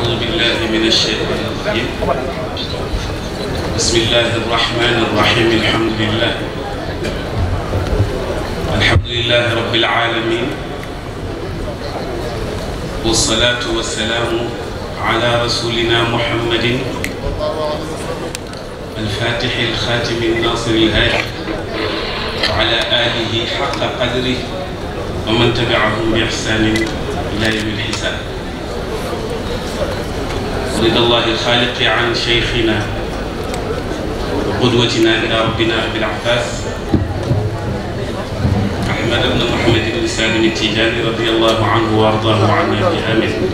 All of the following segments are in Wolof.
أعوذ بالله من الشيطان الرجيم بسم الله الرحمن الرحيم الحمد لله الحمد لله رب العالمين والصلاة والسلام على رسولنا محمد الفاتح الخاتم الناصر الهادي وعلى آله حق قدره ومن تبعهم بإحسان إلى يوم الحساب رضي الله الخالق عن شيخنا وقدوتنا إلى ربنا أبي العباس أحمد بن محمد بن سالم التيجاني رضي الله عنه وأرضاه عنا بآمن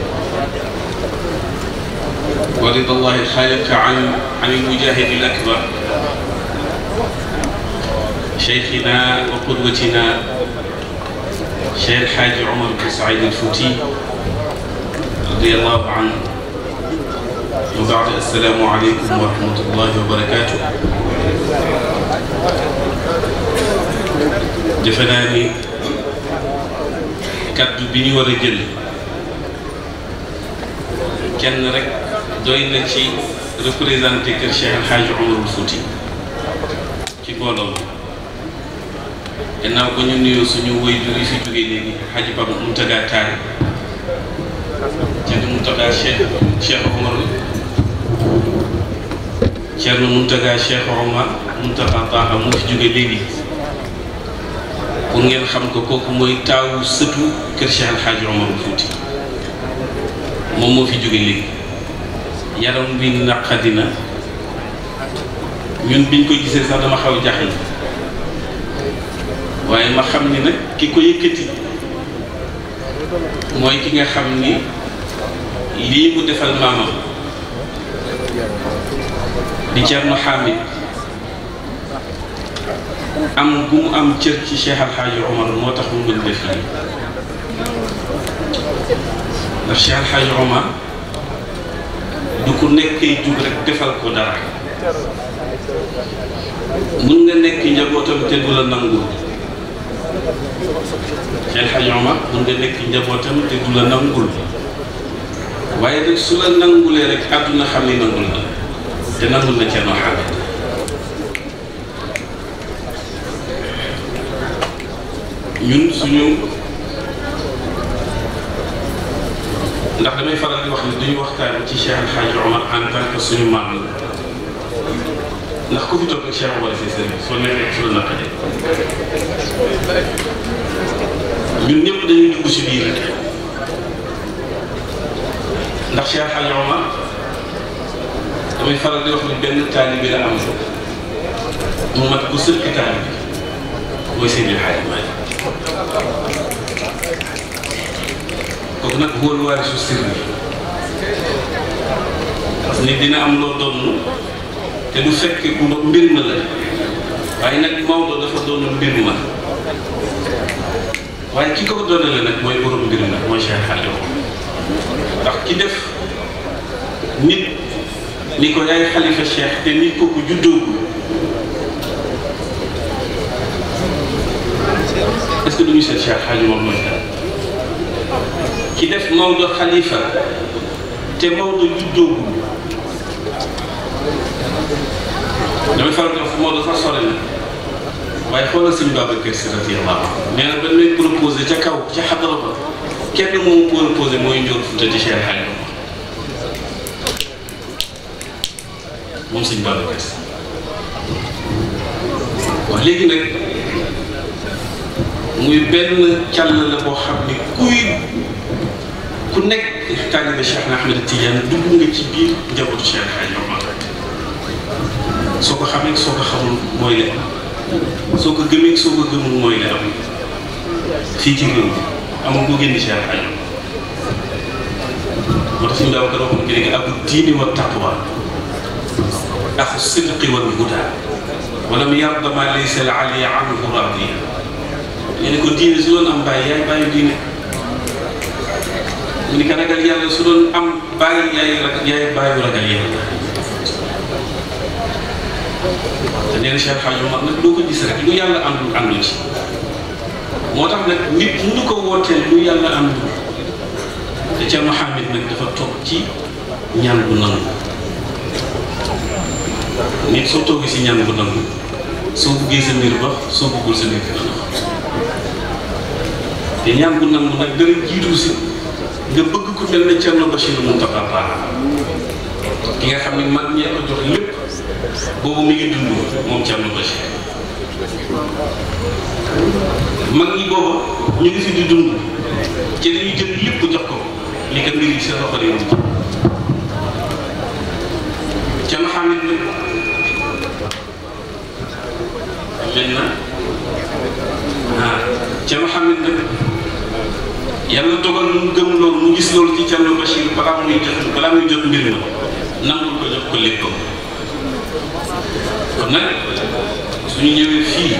ورضا الله الخالق عن عن المجاهد الأكبر شيخنا وقدوتنا شيخ الحاج عمر بن سعيد الفوتي رضي الله عنه wa baad assalaamu aleykum wa rahmatullahi wa defe naa ni kaddu bi ñu war a jël kenn rek doy na ci représenté kër Cheikh El Hadj Omarul ci mbooloo gannaaw ba ñu nuyoo suñu waajur yi fi jógee léegi Hadj Baba Mountaga Tall ci Mountaga Cheikh Cheikh Omarul Thierno Mountaga Cheikh Omar Mountaga Taha mu fi jóge léegi pour ngeen xam ko kooku mooy taawu sëtu kër Cheikh El Hadj Omar Fouti moom moo fi jóge léegi yaram bi naqadi na ñun biñ ko gisee sax dama xaw jaxle waaye ma xam ni nag ki ko yëkkati mooy ki nga xam ni lii mu defal maamam di Thierno Hamid am bu mu am cër ci Cheikh Al Hadj moo tax mu mën def lii ndax Cheikh Al Hadj du ku nekkee jug rek defal ko dara mun nga nekk njabootam te du la nangu Cheikh Al Hadj Omar mun nga nekk njabootam te du la nangul waaye nag su la nangulee rek àdduna xam ni nangul la te nangul na Thierno Hamid ñun suñu ndax damay faral di wax ni duñu waxtaan ci Cheikh Alhaji Omar en tant que suñu maam la ndax ku fi toog ak Cheikh Omar si sëriñ soo nekkee su la naqadee ñun ñëpp dañuy dugg si biir ndax Cheikh Alhaji Omar damay faral di wax ni benn taalibe la am mu mat ku sëkk taalibe mooy Seydi El Hadji Malick kooku nag wóolu waarisu sir bi parce que nit dina am loo doon te du fekkee ku mbir ma la waaye nag Maodo dafa doon mbir ma waaye ki ko doonale nag mooy borom mbir ma mooy Cheikh Xalifa ndax ki def nit ni ko yaay xalifa cheikh te nit kooku juddoogul est-ce que duñu seet cheikh xaaju moom mooy kan ki def Maodo xalifa te Maodo juddoogul damay faral di wax Maodo fa sore na waaye xoolal sëñ Babacar Si radiyallahu anhu nee na ba ñu lay proposé ca kaw ca xadara ba kenn moo proposé mooy njóor Fuuta di cheikh xaaju moom sëñ Balla Gaye wax léegi nag muy benn càll la boo xam ne kuy ku nekk taalibe Cheikh Ahmed Tidiane dugg nga ci biir njabootu Cheikh Xaaj Omar soo ko xamee soo ko xamul mooy la am soo ko gëmee soo ko gëmul mooy la am fii ci réew mi amul ko génn Cheikh Xaaj Omar moo tax suñu daaw ko waxoon léegi ak diine wa taqwa أخ الصدق والهدى ولم يرضى ما ليس العلي عنه راضيا ñu ne ko diine yaay bàyyi diine mu ni ko ragal am bàyyi yaay yaay ragal yàlla te nee na Cheikh Hadj Omar nag doo ko lu yàlla àndul moo tax nag nit mënu ko wooteel lu yàlla àndul te ca Mouhamed nag dafa toog ci ñaan bu nangu nit soo toogee si ñaan bu nangu soo buggee sa mbir baax soo buggul sa mbir dina baax te ñaan bu nangu nag dana jiitu si nga bëgg ku mel ne Thierno Bachir Mountakha Bara ki nga xam ne mag ñee ko jox lépp boobu mi ngi dund moom Thierno Bachir mag ñi booba ñu ngi fi di dund ci dañu jël lépp jox ko li ko mbir yi seen loxo di Thierno Hamid nag dañ na ah ca Mouhamed nag yàlla dogal mu gëm loolu mu gis loolu ci Thierno Bachir balaa muy jot balaa muy jot mbir mi nangul ko jox ko léppam kon nag suñu ñëwee fii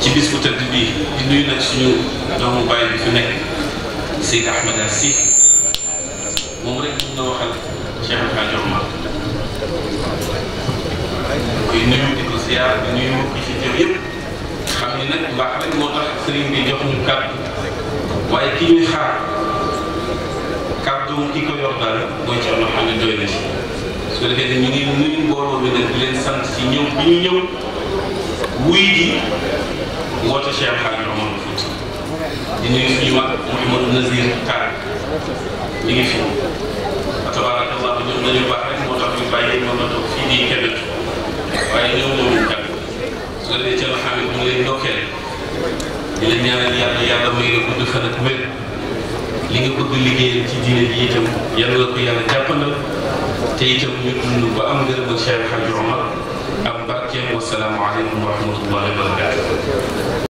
ci bis bu tëdd bii di nuyu nag suñu doomu baay bi fi nekk Seyd Ahmada Si moom rek mun na waxal Cheikh El Hadj Omar koy nuyu ziar bi nuyu ci teew xam ni nag mbaax rek moo tax bi jox ñu kàddu waaye ki ñuy xaar kàddu ki ko yor daal mooy ci am na xam ne doy na ci su defee ne ñu ngi nuyu mbooloo di leen sant ci ñëw bi ñu ñëw wuy gi woote Cheikh Xaali Omar Fouti di nuyu suñu mag Mouhamadou Nazir Tall mi ngi fi tabaaraka Allah ñoom dañu baax waaye ñoom ñoo ñu jàpp su ko ci loo xam ne mu leen ndokkee di leen ñaanal yàlla yàlla muy nga bëgg fan ak wér li nga bëgg liggéey ci diine bi itam yàlla ko yàlla jàppandal te itam ñu dund ba am ngërëm ak Cheikh Hadj Omar ak Barkeem wasalaamaaleykum wa rahmatulah wa barakatuh.